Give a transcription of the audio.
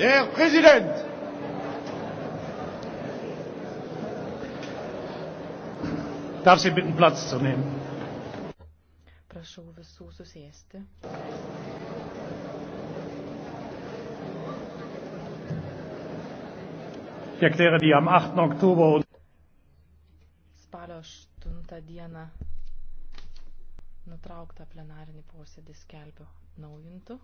Herr Präsident! Darf Sie bitten, Platz zu nehmen? Prašau visų susėsti. Ich erkläre die am 8. Oktober und Spalio 8 dieną nutrauktą plenarinį posėdį skelbiu naujintu.